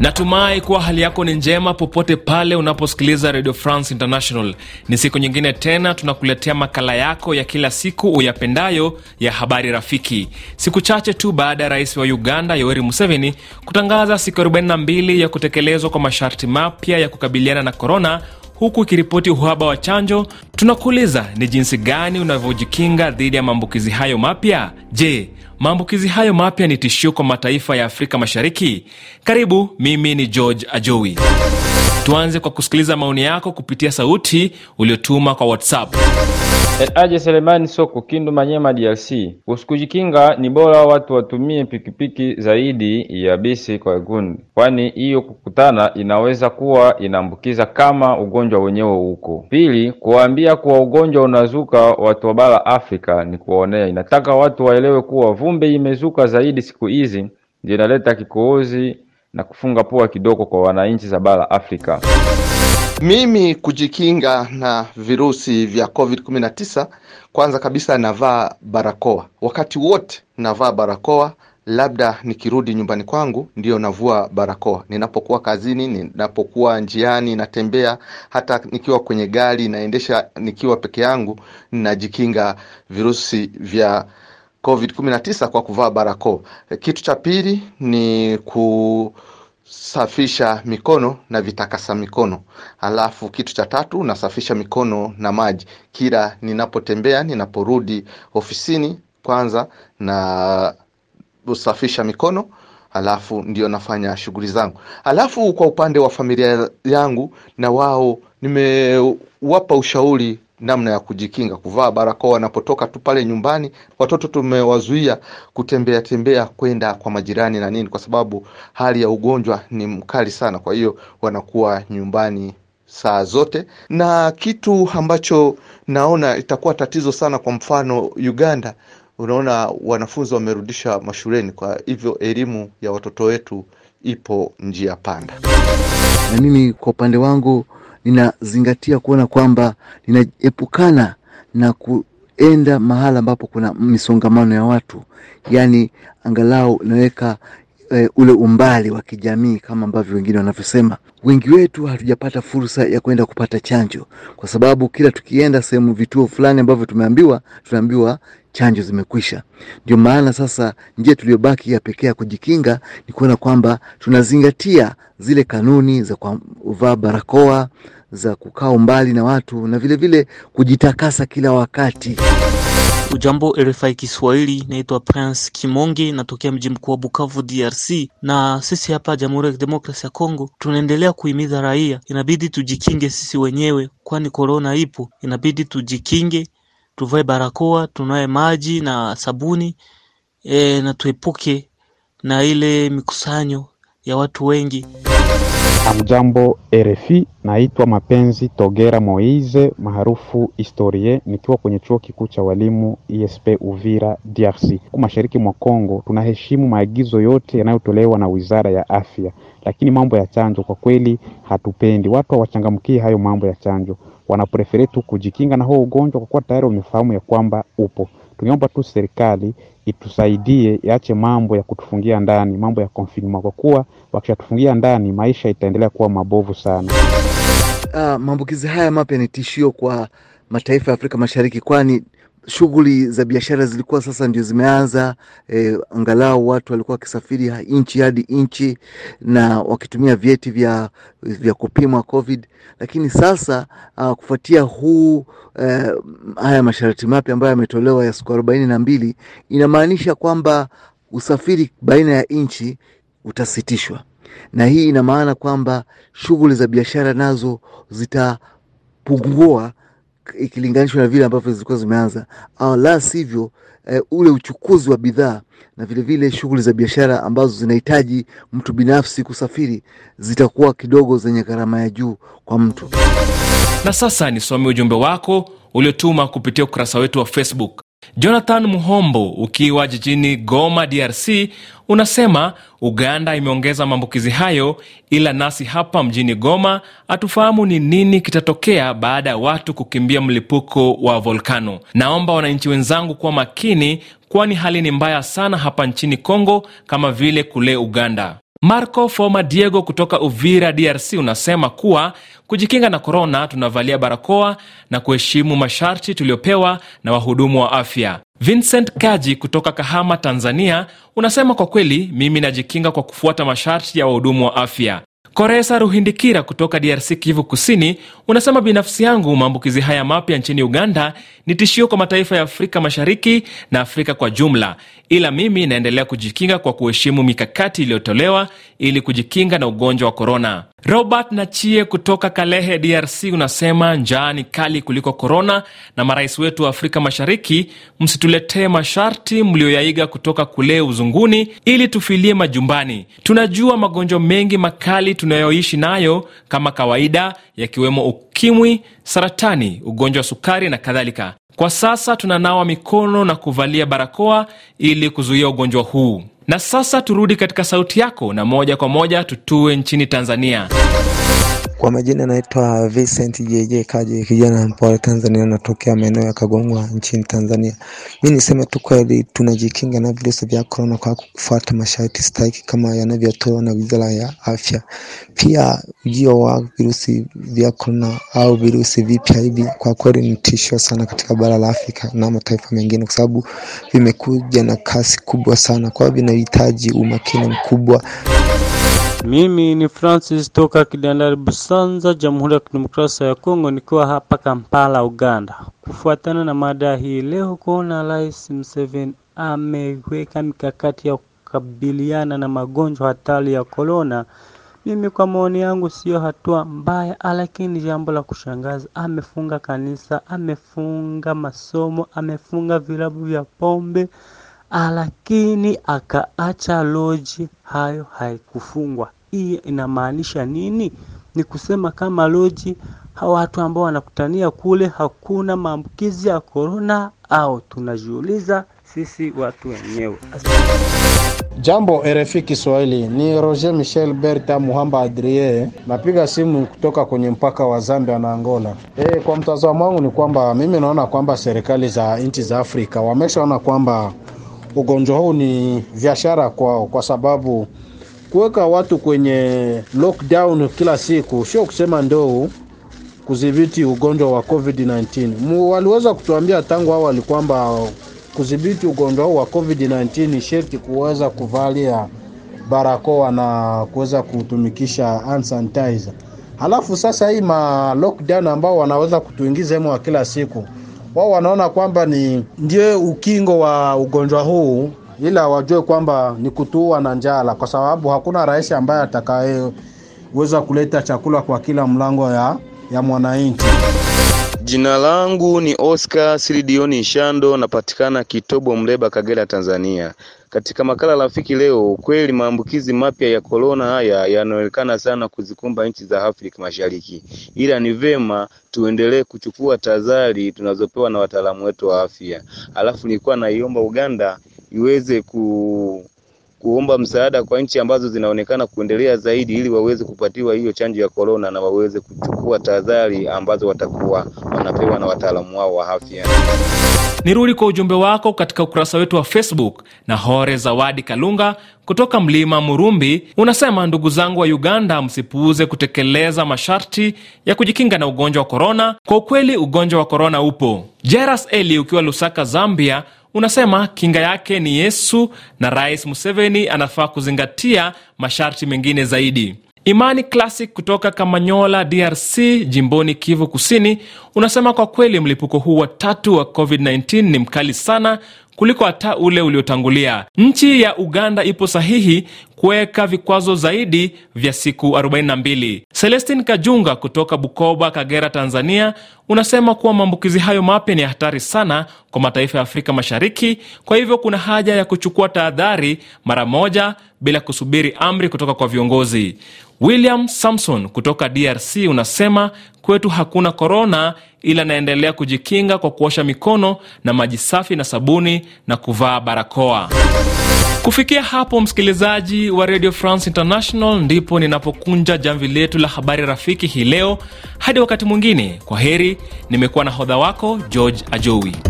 Natumai kuwa hali yako ni njema popote pale unaposikiliza Radio France International. Ni siku nyingine tena tunakuletea makala yako ya kila siku uyapendayo ya habari rafiki, siku chache tu baada ya rais wa Uganda yoeri Museveni kutangaza siku 42 ya kutekelezwa kwa masharti mapya ya kukabiliana na korona huku ikiripoti uhaba wa chanjo. Tunakuuliza ni jinsi gani unavyojikinga dhidi ya maambukizi hayo mapya. Je, maambukizi hayo mapya ni tishio kwa mataifa ya Afrika Mashariki? Karibu, mimi ni George Ajowi. Tuanze kwa kusikiliza maoni yako kupitia sauti uliotuma kwa WhatsApp. E, Aje Selemani Soko Kindu Manyema DRC. Usikujikinga ni bora watu watumie pikipiki zaidi ya bisi kwa gundi, kwani hiyo kukutana inaweza kuwa inaambukiza kama ugonjwa wenyewe huko. Pili, kuwaambia kuwa ugonjwa unazuka watu wa bara Afrika ni kuwaonea. Inataka watu waelewe kuwa vumbi imezuka zaidi siku hizi, ndio inaleta kikohozi na kufunga pua kidogo kwa wananchi za bara Afrika. Mimi kujikinga na virusi vya COVID-19, kwanza kabisa navaa barakoa wakati wote, navaa barakoa labda nikirudi nyumbani kwangu ndio navua barakoa. Ninapokuwa kazini, ninapokuwa njiani, natembea, hata nikiwa kwenye gari naendesha, nikiwa peke yangu, ninajikinga virusi vya COVID-19 kwa kuvaa barakoa. E, kitu cha pili ni kusafisha mikono na vitakasa mikono. Alafu kitu cha tatu nasafisha mikono na maji kila ninapotembea, ninaporudi ofisini, kwanza na usafisha mikono alafu ndio nafanya shughuli zangu. Alafu kwa upande wa familia yangu, na wao nimewapa ushauri namna ya kujikinga, kuvaa barakoa wanapotoka tu pale nyumbani. Watoto tumewazuia kutembea tembea kwenda kwa majirani na nini, kwa sababu hali ya ugonjwa ni mkali sana. Kwa hiyo wanakuwa nyumbani saa zote, na kitu ambacho naona itakuwa tatizo sana, kwa mfano Uganda, unaona wanafunzi wamerudisha mashuleni, kwa hivyo elimu ya watoto wetu ipo njia panda. Na mimi kwa upande wangu ninazingatia kuona kwamba ninaepukana na kuenda mahala ambapo kuna misongamano ya watu, yaani angalau naweka e, ule umbali wa kijamii kama ambavyo wengine wanavyosema. Wengi wetu hatujapata fursa ya kwenda kupata chanjo, kwa sababu kila tukienda sehemu, vituo fulani ambavyo tumeambiwa, tunaambiwa chanjo zimekwisha. Ndio maana sasa njia tuliyobaki ya pekee ya kujikinga ni kuona kwamba tunazingatia zile kanuni za kuvaa barakoa, za kukaa umbali na watu na vilevile vile kujitakasa kila wakati. Ujambo RFI Kiswahili, naitwa Prince Kimonge, natokea mji mkuu wa Bukavu, DRC. Na sisi hapa Jamhuri ya Kidemokrasia ya Kongo tunaendelea kuhimiza raia, inabidi tujikinge sisi wenyewe, kwani korona ipo. Inabidi tujikinge, tuvae barakoa, tunawe maji na sabuni e, na tuepuke na ile mikusanyo ya watu wengi. Amjambo RFI, naitwa Mapenzi Togera Moize maarufu Historie, nikiwa kwenye chuo kikuu cha walimu ISP Uvira, DRC. Huku mashariki mwa Kongo tunaheshimu maagizo yote yanayotolewa na wizara ya afya, lakini mambo ya chanjo kwa kweli hatupendi. Watu hawachangamkii hayo mambo ya chanjo, wanaprefere tu kujikinga na huo ugonjwa, kwa kuwa tayari wamefahamu ya kwamba upo. Tungeomba tu serikali itusaidie iache mambo ya kutufungia ndani, mambo ya konfinma, kwa kuwa wakishatufungia ndani maisha itaendelea kuwa mabovu sana. Uh, maambukizi haya mapya ni tishio kwa mataifa ya Afrika Mashariki kwani shughuli za biashara zilikuwa sasa ndio zimeanza e, angalau watu walikuwa wakisafiri nchi hadi nchi na wakitumia vyeti vya, vya kupimwa COVID, lakini sasa uh, kufuatia huu uh, haya masharti mapya ambayo yametolewa ya siku arobaini na mbili inamaanisha kwamba usafiri baina ya nchi utasitishwa, na hii ina maana kwamba shughuli za biashara nazo zitapungua ikilinganishwa na vile ambavyo zilikuwa zimeanza, au ah, la sivyo e, ule uchukuzi wa bidhaa na vilevile shughuli za biashara ambazo zinahitaji mtu binafsi kusafiri zitakuwa kidogo zenye gharama ya juu kwa mtu. Na sasa nisome ujumbe wako uliotuma kupitia ukurasa wetu wa Facebook. Jonathan Muhombo ukiwa jijini Goma, DRC, unasema Uganda imeongeza maambukizi hayo, ila nasi hapa mjini Goma hatufahamu ni nini kitatokea baada ya watu kukimbia mlipuko wa volkano. Naomba wananchi wenzangu kuwa makini, kwani hali ni mbaya sana hapa nchini Kongo kama vile kule Uganda. Marco Foma Diego kutoka Uvira, DRC, unasema kuwa kujikinga na korona, tunavalia barakoa na kuheshimu masharti tuliyopewa na wahudumu wa afya. Vincent Kaji kutoka Kahama, Tanzania, unasema kwa kweli, mimi najikinga kwa kufuata masharti ya wahudumu wa afya. Koresa Ruhindikira kutoka DRC, Kivu Kusini, unasema binafsi yangu, maambukizi haya mapya nchini Uganda ni tishio kwa mataifa ya Afrika Mashariki na Afrika kwa jumla, ila mimi naendelea kujikinga kwa kuheshimu mikakati iliyotolewa ili kujikinga na ugonjwa wa korona. Robert Nachie kutoka Kalehe, DRC, unasema njaa ni kali kuliko korona, na marais wetu wa Afrika Mashariki, msituletee masharti mlioyaiga kutoka kule uzunguni ili tufilie majumbani. Tunajua magonjwa mengi makali tunayoishi nayo kama kawaida, yakiwemo ukimwi, saratani, ugonjwa wa sukari na kadhalika. Kwa sasa tunanawa mikono na kuvalia barakoa ili kuzuia ugonjwa huu. Na sasa turudi katika sauti yako, na moja kwa moja tutue nchini Tanzania. Kwa majina naitwa Vincent JJ Kaji, kijana mpole Tanzania, natokea maeneo ya Kagongwa nchini Tanzania. Mi niseme tu kweli, tunajikinga na virusi vya korona kwa kufuata masharti stahiki kama yanavyotolewa na Wizara ya Afya. Pia ujio wa virusi vya korona au virusi vipya hivi kwa kweli ni tishio sana katika bara la Afrika na mataifa mengine, kwa sababu vimekuja na kasi kubwa sana, kwa hiyo vinahitaji umakini mkubwa. Mimi ni Francis toka Kidandari Busanza, Jamhuri ya Kidemokrasia ya Kongo, nikiwa hapa Kampala, Uganda. Kufuatana na mada hii leo, kuona Rais Museveni ameweka mikakati ya kukabiliana na magonjwa hatari ya korona, mimi kwa maoni yangu siyo hatua mbaya, lakini jambo la kushangaza, amefunga kanisa, amefunga masomo, amefunga vilabu vya pombe Ah, lakini akaacha loji hayo haikufungwa. Hii inamaanisha nini? Ni kusema kama loji hawa watu ambao wanakutania kule hakuna maambukizi ya korona, au tunajiuliza sisi watu wenyewe? Jambo RFI Kiswahili, ni Roger Michel Berta Muhamba Adrie, napiga simu kutoka kwenye mpaka wa Zambia na Angola. E, kwa mtazamo wangu ni kwamba mimi naona kwamba serikali za nchi za Afrika wameshaona kwamba ugonjwa huu ni biashara kwao, kwa sababu kuweka watu kwenye lockdown kila siku sio kusema ndo kudhibiti ugonjwa wa COVID-19. Waliweza kutuambia tangu awali kwamba kudhibiti ugonjwa huu wa COVID-19 sharti kuweza kuvalia barakoa na kuweza kutumikisha hand sanitizer. Halafu sasa hii ma lockdown ambao wanaweza kutuingiza hemo wa kila siku wao wanaona kwamba ni ndio ukingo wa ugonjwa huu, ila wajue kwamba ni kutuua na njala, kwa sababu hakuna rais ambaye atakayeweza kuleta chakula kwa kila mlango ya, ya mwananchi. Jina langu ni Oscar Silidioni Shando, napatikana Kitobo Mleba, Kagera, Tanzania. Katika makala rafiki leo, kweli maambukizi mapya ya korona haya yanaonekana sana kuzikumba nchi za Afrika Mashariki, ila ni vema tuendelee kuchukua tahadhari tunazopewa na wataalamu wetu wa afya. Alafu nilikuwa naiomba Uganda iweze ku kuomba msaada kwa nchi ambazo zinaonekana kuendelea zaidi, ili waweze kupatiwa hiyo chanjo ya korona na waweze kuchukua tahadhari ambazo watakuwa wanapewa na wataalamu wao wa afya. Nirudi kwa ujumbe wako katika ukurasa wetu wa Facebook. Na Hore Zawadi Kalunga kutoka Mlima Murumbi unasema, ndugu zangu wa Uganda, msipuuze kutekeleza masharti ya kujikinga na ugonjwa wa korona. Kwa ukweli ugonjwa wa korona upo. Jeras Eli ukiwa Lusaka, Zambia unasema kinga yake ni Yesu na Rais Museveni anafaa kuzingatia masharti mengine zaidi. Imani Classic kutoka Kamanyola, DRC, jimboni Kivu Kusini, unasema kwa kweli mlipuko huu wa tatu wa COVID-19 ni mkali sana kuliko hata ule uliotangulia. Nchi ya Uganda ipo sahihi kuweka vikwazo zaidi vya siku 42. Celestin Kajunga kutoka Bukoba, Kagera, Tanzania, unasema kuwa maambukizi hayo mapya ni hatari sana kwa mataifa ya Afrika Mashariki, kwa hivyo kuna haja ya kuchukua tahadhari mara moja bila kusubiri amri kutoka kwa viongozi. William Samson kutoka DRC unasema kwetu hakuna korona, ila naendelea kujikinga kwa kuosha mikono na maji safi na sabuni na kuvaa barakoa. Kufikia hapo, msikilizaji wa Radio France International, ndipo ninapokunja jamvi letu la habari rafiki hii leo. Hadi wakati mwingine, kwa heri. Nimekuwa na hodha wako George Ajowi.